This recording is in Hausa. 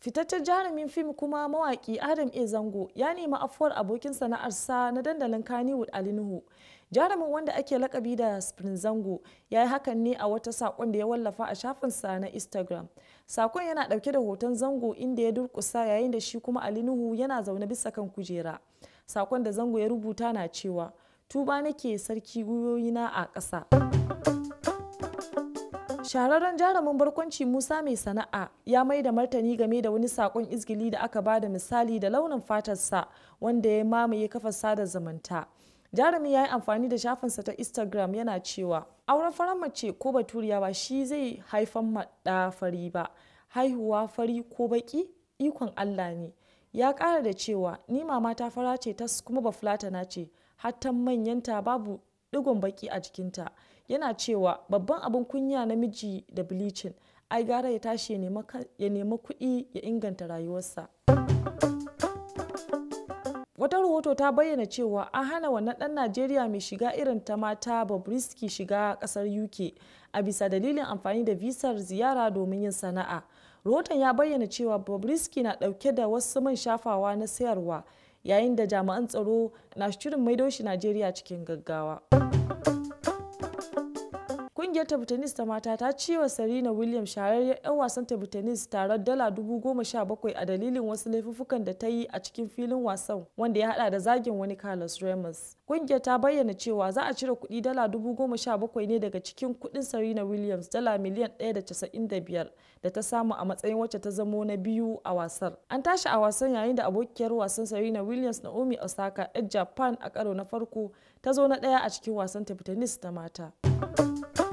fitaccen jarumin fim kuma mawaki adam e zango ya nemi afuwar abokin sana'arsa na dandalin kaniwood ali nuhu jarumin wanda ake lakabi da spring zango ya yi hakan ne a wata sakon da ya wallafa a shafinsa na instagram saƙon yana ɗauke da hoton zango inda ya durƙusa yayin da shi kuma ali nuhu yana zaune bisa kan kujera saƙon da zango ya rubuta na cewa tuba nake sarki gwiwoyina a ƙasa shahararren jarumin barkwanci musa mai sana'a ya mai da martani game da wani sakon izgili da aka ba da misali da launin fatarsa wanda ya mamaye kafar sada zumunta jarumi ya yi amfani da shafinsa ta instagram yana cewa auren farar mace ko baturiya ba shi zai haifan maɗa fari ba haihuwa fari ko baƙi ikon allah ne ya ƙara da cewa ni mama ta fara ce ta kuma bafulatana ce hatta manyanta babu digon baƙi a jikinta yana cewa babban abin kunya namiji da bleaching ai gara ya tashi ya nema kuɗi ya inganta rayuwarsa wata rahoto ta bayyana cewa an hana wannan ɗan najeriya mai shiga irin ta mata bobrisky shiga ƙasar uk a bisa dalilin amfani da visar ziyara domin yin sana'a rahoton ya bayyana cewa bobrisky na ɗauke da wasu man shafawa na sayarwa yayin da jami'an tsaro na shirin maido shi najeriya cikin gaggawa Kungiyar table ta mata ta wa Serena Williams shahararriyar 'yan wasan table tare tarar dala dubu a dalilin wasu laifuffukan da ta yi a cikin filin wasan wanda ya hada da zagin wani Carlos Ramos. Kungiyar ta bayyana cewa za a cire kudi dala dubu ne daga cikin kudin Serena Williams dala miliyan ɗaya da ta samu a matsayin wacce ta zamo na biyu a wasar. An tashi a wasan yayin da abokiyar wasan Serena Williams Naomi Osaka 'yar Japan a karo na farko ta zo na daya a cikin wasan table ta mata.